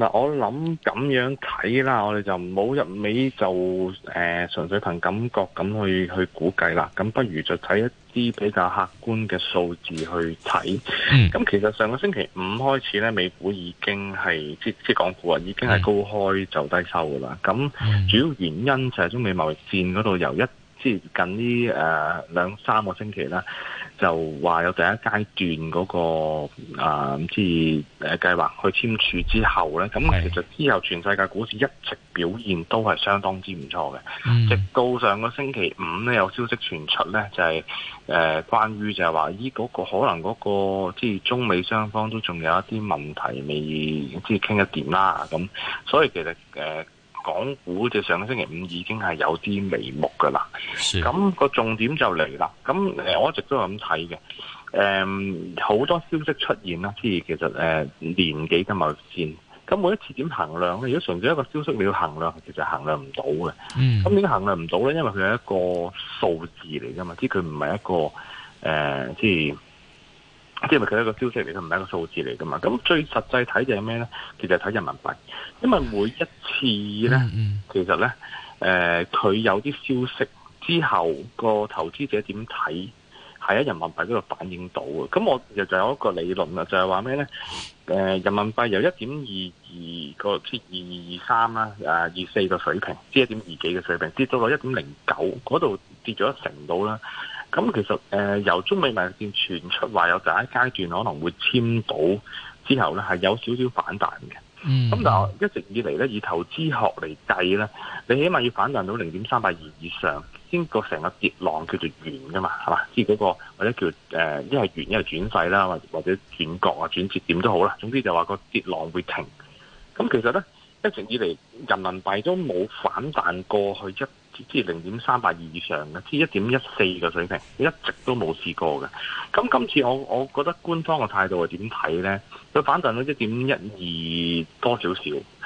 嗱，我諗咁樣睇啦，我哋就唔好一味就誒純粹憑感覺咁去去估計啦。咁不如就睇一啲比較客觀嘅數字去睇。咁、嗯、其實上個星期五開始咧，美股已經係即即港股啊，已經係高開就低收噶啦。咁主要原因就係中美貿易戰嗰度，由一即近呢誒、呃、兩三個星期啦。就話有第一階段嗰、那個啊，即、嗯、係計劃去簽署之後咧，咁其實之後全世界股市一直表現都係相當之唔錯嘅，直到上個星期五咧有消息傳出咧，就係、是、誒、呃、關於就係話呢個個可能嗰、那個即係中美雙方都仲有一啲問題未即係傾一點啦，咁所以其實誒。呃港股就上個星期五已經係有啲眉目嘅啦，咁、個重點就嚟啦。咁誒我一直都係咁睇嘅，誒、嗯、好多消息出現啦，即係其實誒、呃、年幾嘅毛線。咁每一次點衡量咧？如果純粹一個消息你要衡量，其實衡量唔到嘅。咁、嗯、點解衡量唔到咧？因為佢係一個數字嚟嘅嘛，即係佢唔係一個誒即係。呃即係佢係一個消息嚟，佢唔係一個數字嚟嘅嘛？咁最實際睇就係咩呢？其實睇人民幣，因為每一次呢，其實呢，誒、呃、佢有啲消息之後，個投資者點睇，係喺人民幣嗰度反映到嘅。咁我亦就有一個理論啊，就係話咩呢？誒、呃、人民幣由一點二二個即二二三啦，啊二四個水平，即係一點二幾嘅水平，跌到落一點零九嗰度，跌咗一成度啦。咁、嗯嗯嗯、其實誒、呃、由中美貿易戰傳出話有第一階段可能會簽到之後咧，係有少少反彈嘅。咁、嗯嗯、但係一直以嚟咧，以投資學嚟計咧，你起碼要反彈到零點三八二以上先，個成個跌浪叫做完噶嘛，係嘛？即係嗰個或者叫誒一係完一係轉勢啦，或或者轉角啊轉折點都好啦。總之就話個跌浪會停。咁其實咧，一直以嚟人民幣都冇反彈過去一。即係零點三八二以上嘅，即係一點一四嘅水平，一直都冇試過嘅。咁今次我我覺得官方嘅態度係點睇咧？佢反彈到一點一二多少少，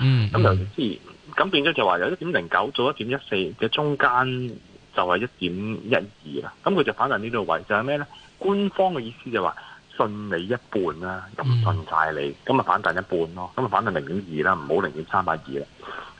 嗯。咁、嗯、由之咁變咗就話由一點零九到一點一四嘅中間就係一點一二啦。咁佢就反彈、就是、呢度位就係咩咧？官方嘅意思就係話。信你一半啦，咁唔信曬你，咁、嗯、啊反彈一半咯，咁啊反彈零點二啦，唔好零點三百二啦。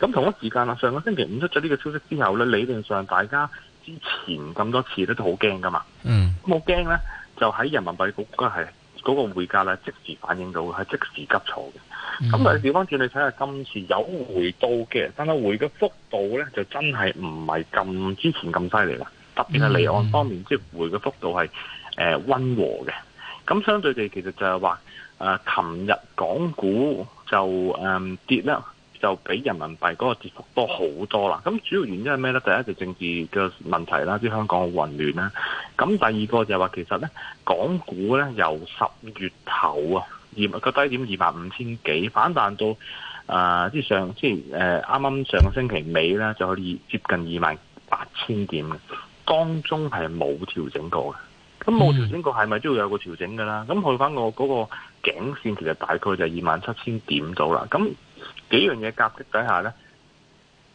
咁同一時間啦，上個星期五出咗呢個消息之後咧，理論上大家之前咁多次咧都好驚噶嘛。嗯，咁好驚咧，就喺人民幣局係嗰個匯價啦，即時反映到嘅，係即時急躁。嘅、嗯。咁但係調翻轉你睇下，今次有回到嘅，但係回嘅幅度咧就真係唔係咁之前咁犀利啦，特別係離岸方面，嗯嗯、即係回嘅幅度係誒、呃、溫和嘅。咁相對地，其實就係話，誒、呃，琴日港股就誒、嗯、跌咧，就比人民幣嗰個跌幅多好多啦。咁主要原因係咩咧？第一就政治嘅問題啦，啲、就是、香港嘅混亂啦。咁第二個就係話，其實咧，港股咧由十月頭啊，個低點二萬五千幾，反彈到誒，即、呃、係、就是、上，即係誒，啱、呃、啱上個星期尾咧，就可以接近二萬八千點當當中係冇調整過嘅。咁冇調整過係咪都要有個調整㗎啦？咁去翻我嗰個頸線，其實大概就二萬七千點到啦。咁幾樣嘢夾擊底下呢，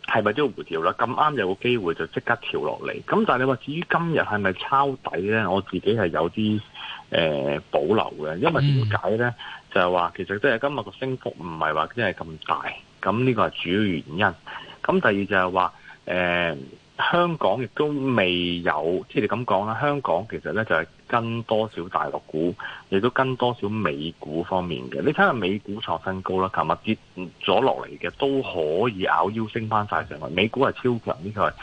係咪都要回調啦？咁啱有個機會就即刻調落嚟。咁但係你話至於今日係咪抄底呢？我自己係有啲誒、呃、保留嘅，因為點解呢？嗯、就係、是、話其實都係今日個升幅唔係話真係咁大，咁呢個係主要原因。咁第二就係話誒。呃香港亦都未有，即係你咁講啦。香港其實咧就係跟多少大陸股，亦都跟多少美股方面嘅。你睇下美股創新高啦，琴日跌咗落嚟嘅都可以咬腰升翻晒上去。美股係超強呢、呢個誒、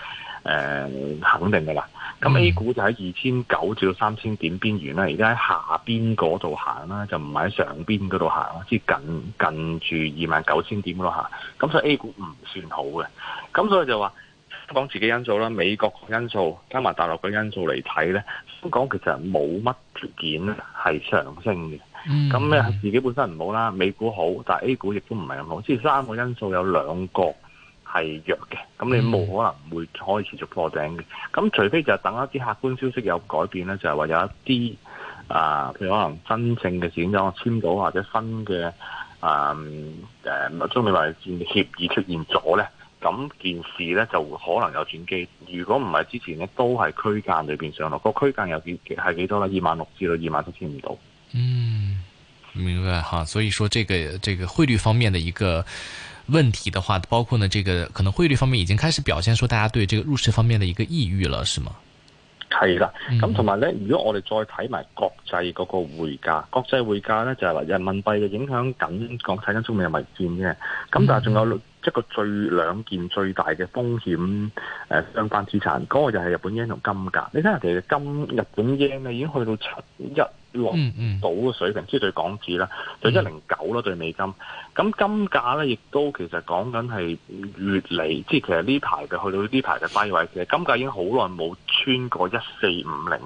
呃，肯定噶啦。咁 A 股就喺二千九至到三千點邊緣啦，而家喺下邊嗰度行啦，就唔係喺上邊嗰度行，即係近近住二萬九千點度行。咁所以 A 股唔算好嘅，咁所以就話。香港自己的因素啦，美國的因素加埋大陸嘅因素嚟睇咧，香港其實冇乜條件係上升嘅。咁、嗯、咧，咁自己本身唔好啦，美股好，但係 A 股亦都唔係咁好。即係三個因素有兩個係弱嘅，咁你冇可能會開始持續破頂嘅。咁除非就是等一啲客觀消息有改變咧，就係、是、話有一啲啊，呃、譬如可能真正嘅戰爭簽到或者新嘅啊誒中美貿易戰協議出現咗咧。咁件事咧就可能有轉機。如果唔係之前咧都係區間裏邊上落，個區間有幾係幾多咧？二萬六至到二萬七千五度。嗯，明白哈。所以說、這個，這個這個匯率方面的一個問題的話，包括呢，這個可能匯率方面已經開始表現出大家對這個入市方面的一個意欲了，是嗎？係啦。咁同埋咧，如果我哋再睇埋國際嗰個匯價，國際匯價咧就係、是、話人民幣嘅影響緊講睇緊中美貿易戰啫。咁、嗯、但係仲有。一個最兩件最大嘅風險，誒、呃、相關資產，嗰、那個就係日本圓同金價。你睇下，其實金日本圓咧已經去到七一，落到嘅水平，即、就是、對港紙啦，就一零九啦對美金。咁金價咧，亦都其實講緊係越嚟，即係其實呢排嘅去到呢排嘅低位，其實金價已經好耐冇穿過一四五零。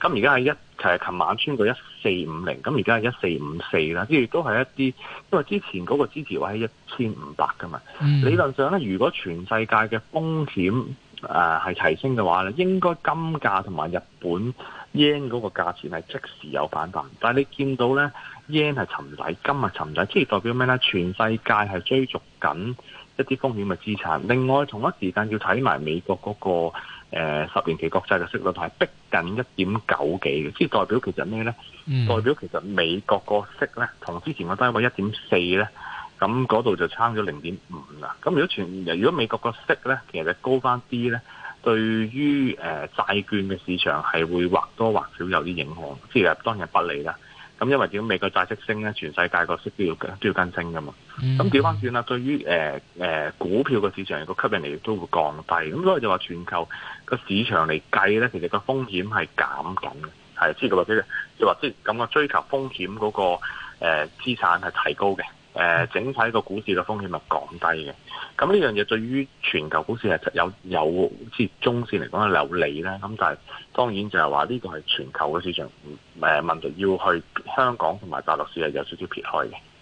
咁而家係一，其實琴晚穿過 1450, 一四五零，咁而家係一四五四啦。即亦都係一啲，因為之前嗰個支持位係一千五百嘅嘛。Mm. 理論上咧，如果全世界嘅風險誒係提升嘅話咧，應該金價同埋日本。yen 嗰個價錢係即時有反彈，但係你見到咧，yen 係沉底，金係沉底，即係代表咩咧？全世界係追逐緊一啲風險嘅資產。另外同一時間要睇埋美國嗰、嗰個、呃、十年期國債嘅息率，係逼近一點九幾嘅，即係代表其實咩咧？Mm. 代表其實美國個息咧，同之前嘅低位一點四咧，咁嗰度就差咗零點五啦。咁如果全如果美國個息咧，其實高翻啲咧。對於誒、呃、債券嘅市場係會或多或少有啲影響，即係當然不利啦。咁因為點美國債息升咧，全世界個息都要都要跟升噶嘛。咁調翻轉啦，對於誒誒股票嘅市場個吸引力都會降低。咁所以就話全球個市場嚟計咧，其實個風險係減緊嘅，係即係話即係就即、係、咁、就係就係、追求風險嗰個誒資產係提高嘅。誒、呃，整體個股市嘅風險係降低嘅，咁呢樣嘢對於全球股市係有有好似中線嚟講係有利啦，咁但係當然就係話呢個係全球嘅市場、呃、問題，要去香港同埋大陸市係有少少撇開嘅。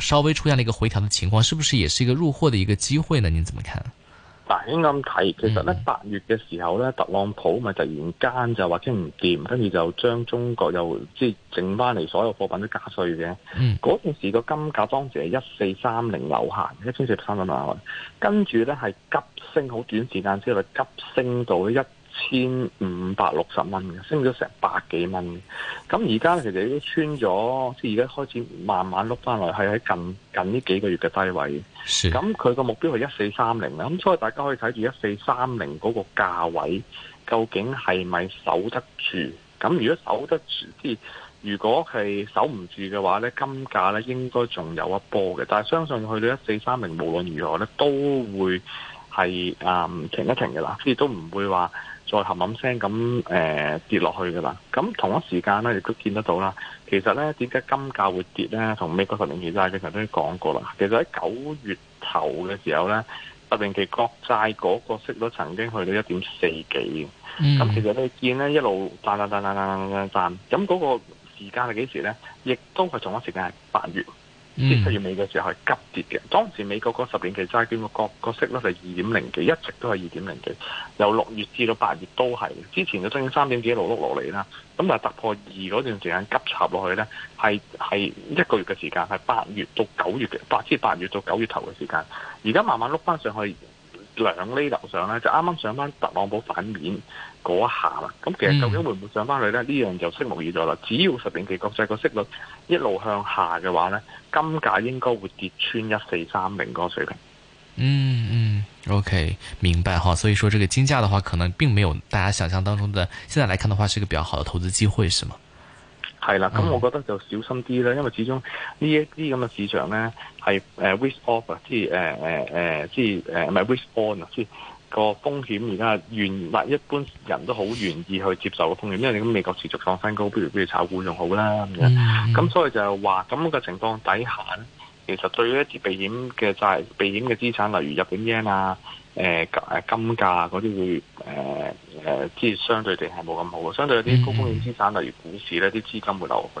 稍微出現了一個回調的情況，是不是也是一個入貨的一個機會呢？您怎麼看？大咁睇，其實咧八月嘅時候咧，特朗普咪突然間就話傾唔掂，跟住就將中國又即係整翻嚟所有貨品都加稅嘅。嗰陣時，個金價當時係一四三零樓下，一千四百三十蚊，跟住咧係急升，好短時間之內急升到一千五百六十蚊嘅，升咗成百幾蚊。咁而家其實已經穿咗，即係而家開始慢慢碌翻嚟，係喺近近呢幾個月嘅低位。咁佢個目標係一四三零啊！咁所以大家可以睇住一四三零嗰個價位，究竟係咪守得住？咁如果守得住，即係如果係守唔住嘅話呢，金價呢，應該仲有一波嘅。但係相信去到一四三零，無論如何呢都會係啊、嗯、停一停嘅啦，即係都唔會話，再冚冚聲咁誒跌落去㗎啦，咁同一時間咧亦都見得到啦。其實咧點解金價會跌咧？同美國十年期債嘅頭先講過啦。其實喺九月頭嘅時候咧，十年期國債嗰個息率曾經去到一點四幾。咁其實你見咧一路賺賺賺賺賺賺。咁嗰個時間係幾時咧？亦都係同一時間係八月，即、嗯、七月尾嘅時候係急跌嘅，當時美國嗰十年期債券個個息率係二點零幾，一直都係二點零幾，由六月至到八月都係。之前嘅曾經三點幾攞碌落嚟啦，咁但係突破二嗰段時間急插落去咧，係係一個月嘅時間，係八月到九月嘅八至八月到九月頭嘅時間，而家慢慢碌翻上去兩釐樓上咧，就啱啱上翻特朗普反面。嗰一下啦，咁其實究竟會唔會上翻去咧？呢、嗯、樣就拭目以待啦。只要十年期國債個息率一路向下嘅話咧，金價應該會跌穿一四三零嗰個水平。嗯嗯，OK，明白哈。所以說，這個金價的話，可能並沒有大家想象當中的。現在來看的話，是一個比較好的投資機會，是嗎？係啦，咁我覺得就小心啲啦、嗯，因為始終呢一啲咁嘅市場咧，係誒、uh, risk off 啊，uh, uh, 即係誒誒誒，即係誒唔係 risk on 啊，即係。個風險而家原物一般人都好願意去接受個風險，因為你咁美國持續創新高，不如不如炒股仲好啦咁樣。咁所以就話咁個情況底下咧，其實對於一啲避險嘅債、避險嘅資產，例如日本 yen 啊、呃、金價嗰啲會誒誒，即係、呃呃、相對地係冇咁好。相對有啲高風險資產，例如股市咧，啲資金會流去。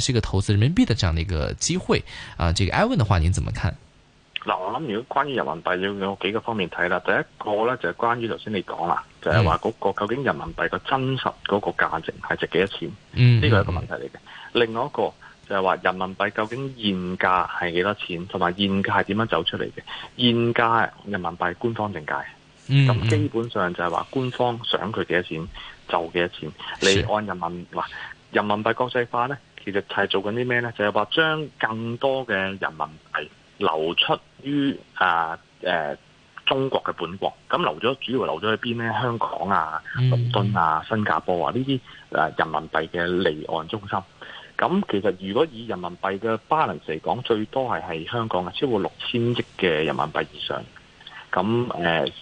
是一個投資人民幣的這樣的一個機會啊，這個 Ivan 的話，您怎麼看？嗱，我諗如果關於人民幣要有幾個方面睇啦，第一個咧就係關於頭先你講啦，就係話嗰個究竟人民幣個真實嗰個價值係值幾多錢？呢、嗯，這個係一個問題嚟嘅。另外一個就係話人民幣究竟現價係幾多錢，同埋現價係點樣走出嚟嘅？現價人民幣官方定價，咁、嗯、基本上就係話官方想佢幾多錢就幾多錢，你按人民嗱人民幣國際化咧。其實係做緊啲咩呢？就係話將更多嘅人民幣流出於啊，啊中國嘅本國，咁流咗主要流咗喺邊呢？香港啊、倫敦啊、新加坡啊呢啲、啊、人民幣嘅離岸中心。咁其實如果以人民幣嘅巴 a l 嚟講，最多係係香港超過六千億嘅人民幣以上。咁誒、啊、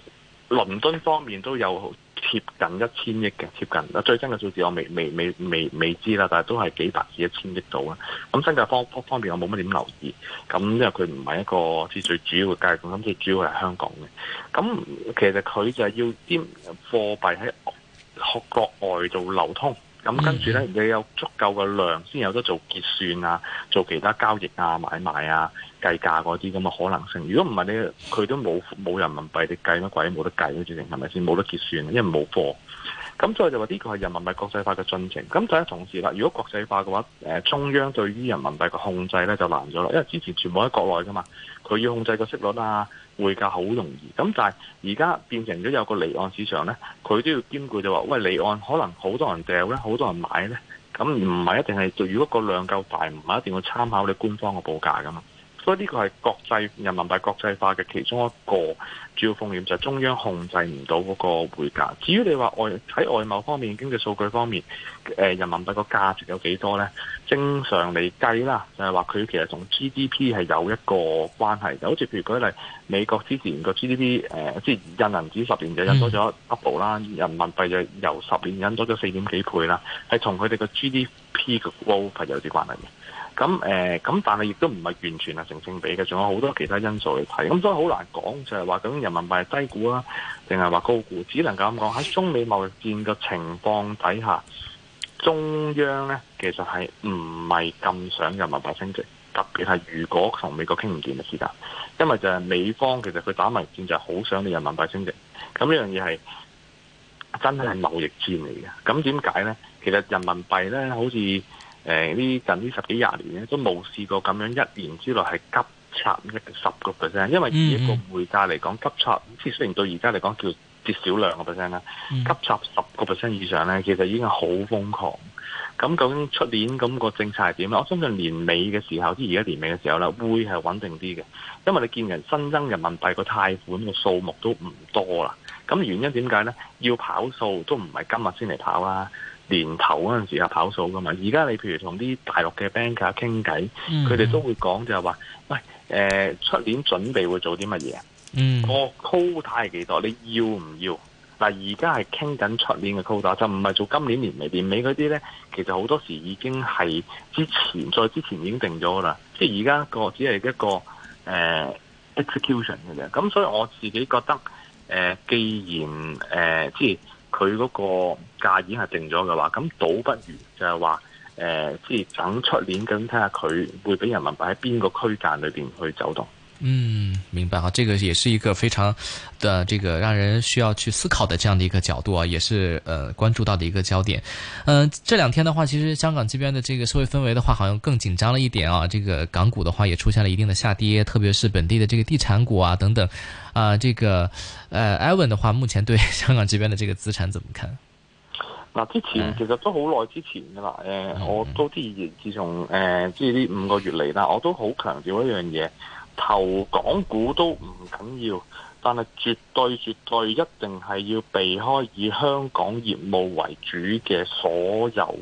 倫敦方面都有。接近一千億嘅，接近啊最新嘅數字我未未未未未知啦，但係都係幾百至一千億度啦，咁新加坡方面我冇乜點留意，咁因為佢唔係一個即最主要嘅介港，咁最主要係香港嘅。咁其實佢就係要啲貨幣喺國外度流通。咁、嗯、跟住咧，你有足夠嘅量先有得做結算啊，做其他交易啊、買賣啊、計價嗰啲咁嘅可能性。如果唔係你，佢都冇冇人民幣你計乜鬼，冇得計，佢直情，係咪先？冇得結算，因為冇貨。咁所以就話呢個係人民幣國際化嘅進程。咁但係同時啦，如果國際化嘅話，誒，中央對於人民幣嘅控制咧就難咗啦。因為之前全部喺國內噶嘛，佢要控制個息率啊、匯價好容易。咁但係而家變成咗有個離岸市場咧，佢都要兼顧就話，喂，離岸可能好多人掉咧，好多人買咧，咁唔係一定係對，如果個量夠大，唔係一定要參考你官方嘅報價噶嘛。所以呢個係國際人民幣國際化嘅其中一個主要風險，就係中央控制唔到嗰個匯價。至於你話外喺外貿方面、經濟數據方面，誒、呃、人民幣個價值有幾多咧？正常嚟計啦，就係話佢其實同 GDP 係有一個關係。就好似譬如舉例，美國之前個 GDP 誒、呃，即係印銀紙十年就引多咗 double 啦，人民幣就由十年引多咗四點幾倍啦，跟他們的的係同佢哋個 GDP 嘅 growth 係有啲關連嘅。咁誒咁，但係亦都唔係完全係成正比嘅，仲有好多其他因素嚟睇，咁所以好難講，就係話究竟人民幣係低估啦，定係話高估，只能夠咁講喺中美貿易戰嘅情況底下，中央咧其實係唔係咁想人民幣升值，特別係如果同美國傾唔掂嘅時間，因為就係美方其實佢打貿易戰就係好想你人民幣升值，咁呢樣嘢係真係貿易戰嚟嘅。咁點解咧？其實人民幣咧好似。誒呢近呢十幾廿年咧，都冇試過咁樣一年之內係急插十個 percent，因為以一個匯價嚟講，急插即係雖然到而家嚟講叫跌少兩個 percent 啦，急插十個 percent 以上咧，其實已經係好瘋狂。咁究竟出年咁個政策係點咧？我相信年尾嘅時候，即係而家年尾嘅時候啦，會係穩定啲嘅，因為你見人新增人民幣個貸款嘅數目都唔多啦。咁原因點解咧？要跑數都唔係今日先嚟跑啊！年頭嗰陣時啊跑數噶嘛。而家你譬如同啲大陸嘅 banker 傾偈，佢、mm、哋 -hmm. 都會講就係、是、話，喂，誒、呃、出年準備會做啲乜嘢？Mm -hmm. 我 quota 係幾多？你要唔要？嗱，而家係傾緊出年嘅 quota，就唔係做今年年尾年尾嗰啲咧。其實好多時已經係之前再之前已經定咗噶啦。即係而家個只係一個、呃、execution 嘅啫。咁所以我自己覺得。誒、呃，既然誒，即係佢嗰個價已經係定咗嘅話，咁倒不如就係話誒，即、呃、係等出年咁睇下佢會俾人民幣喺邊個區間裏面去走動。嗯，明白哈，這個也是一個非常的、呃、這個讓人需要去思考的這樣的一個角度啊，也是呃關注到的一個焦點。嗯、呃，這兩天的話，其實香港這邊的這個社會氛圍的話，好像更緊張了一點啊。這個港股的話，也出現了一定的下跌，特別是本地的這個地產股啊等等。啊、呃，這個呃，Evan 的話，目前對香港這邊的這個資產怎麼看？那之前其實都好耐之前嘅啦、嗯，呃我都至自從呃即係呢五個月嚟啦，我都好強調一樣嘢。投港股都唔緊要，但係絕對絕對一定係要避開以香港業務為主嘅所有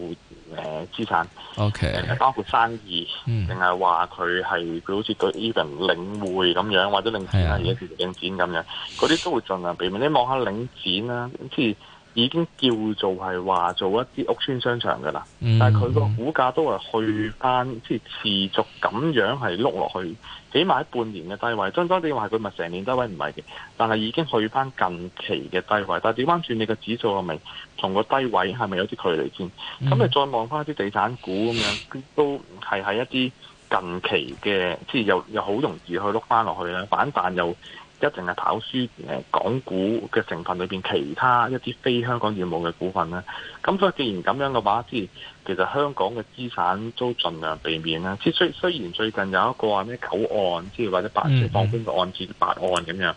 誒資產。Okay，包括生意，定係話佢係佢好似對 Even 領匯咁樣，或者領展啊，而家叫做領展咁樣，嗰啲都會盡量避免。你望下領展啦、啊，好似。已經叫做係話做一啲屋村商場嘅啦、嗯，但係佢個股價都係去翻，即係持續咁樣係碌落去，起碼喺半年嘅低位。真真正正話佢咪成年的低位唔係嘅，但係已經去翻近期嘅低位。但係點翻轉你個指數係咪同個低位係咪有啲距離先？咁、嗯、你再望翻啲地產股咁樣，都係喺一啲近期嘅，即係又又好容易去碌翻落去啦。反彈又～一定係跑輸港股嘅成分裏面其他一啲非香港業務嘅股份啦。咁所以既然咁樣嘅話，即係其實香港嘅資產都盡量避免啦。即雖，雖然最近有一個話咩九案，即係或者八即係放寬個案件八、mm -hmm. 案咁樣。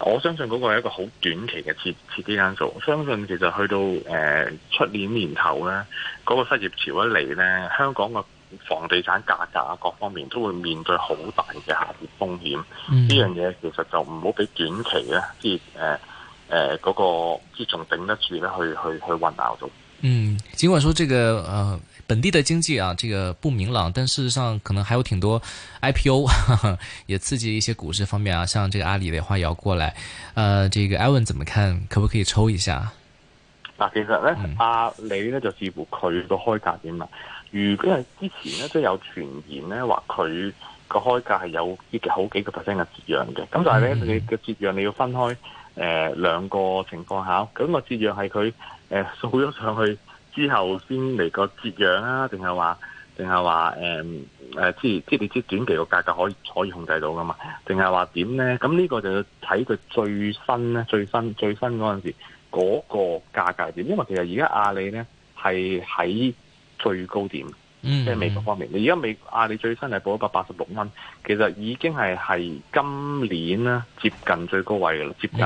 我相信嗰個係一個好短期嘅設撤資因素。相信其實去到誒出、呃、年年頭咧，嗰、那個失業潮一嚟咧，香港嘅。房地產價格啊，各方面都會面對好大嘅下跌風險。呢、嗯、樣嘢其實就唔好俾短期咧，即係誒誒嗰個即係仲頂得住咧，去去去混淆咗。嗯，盡管說這個誒、呃、本地嘅經濟啊，這個不明朗，但事實上可能還有挺多 IPO 呵呵也刺激一些股市方面啊。像這個阿里嘅話也要過來。誒、呃，這個艾文怎麼看？可不可以抽一下？嗱、啊，其實咧，阿里咧就視乎佢個開價點啦。如果係之前咧，即係有傳言咧，話佢個開價係有呢好幾個 percent 嘅折讓嘅。咁、嗯、但係咧，你嘅折讓你要分開誒兩個情況下。咁個折讓係佢誒數咗上去之後先嚟個折讓啊，定係話定係話誒誒，即係即係你知短期個價格可以可以控制到噶嘛？定係話點咧？咁呢個就要睇佢最新咧，最新最新嗰陣時嗰、嗰個價格係點。因為其實而家阿里咧係喺。最高點，即係美國方面，你而家美阿里、啊、最新係報一百八十六蚊，其實已經係係今年咧接近最高位嘅啦，接近。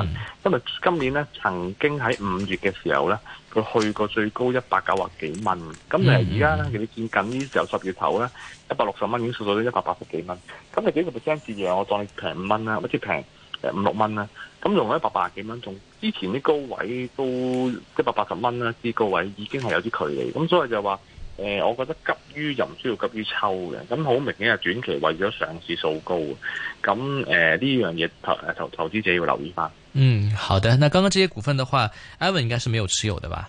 因為今年咧曾經喺五月嘅時候咧，佢去過最高一百九啊幾蚊，咁但而家咧，其實見緊呢時候十月頭咧，一百六十蚊已經數到一百八十幾蚊，咁你幾個 percent 跌嘅，我當你平五蚊啦，或者平誒五六蚊啦，咁用一百八十幾蚊，同之前啲高位都一百八十蚊啦之高位已經係有啲距離，咁所以就話。誒、呃，我覺得急於又唔需要急於抽嘅，咁好明顯係短期為咗上市數高，咁誒呢樣嘢投誒投投資者要留意返。嗯，好的，那剛剛這些股份的話，Evan 應該是沒有持有的吧？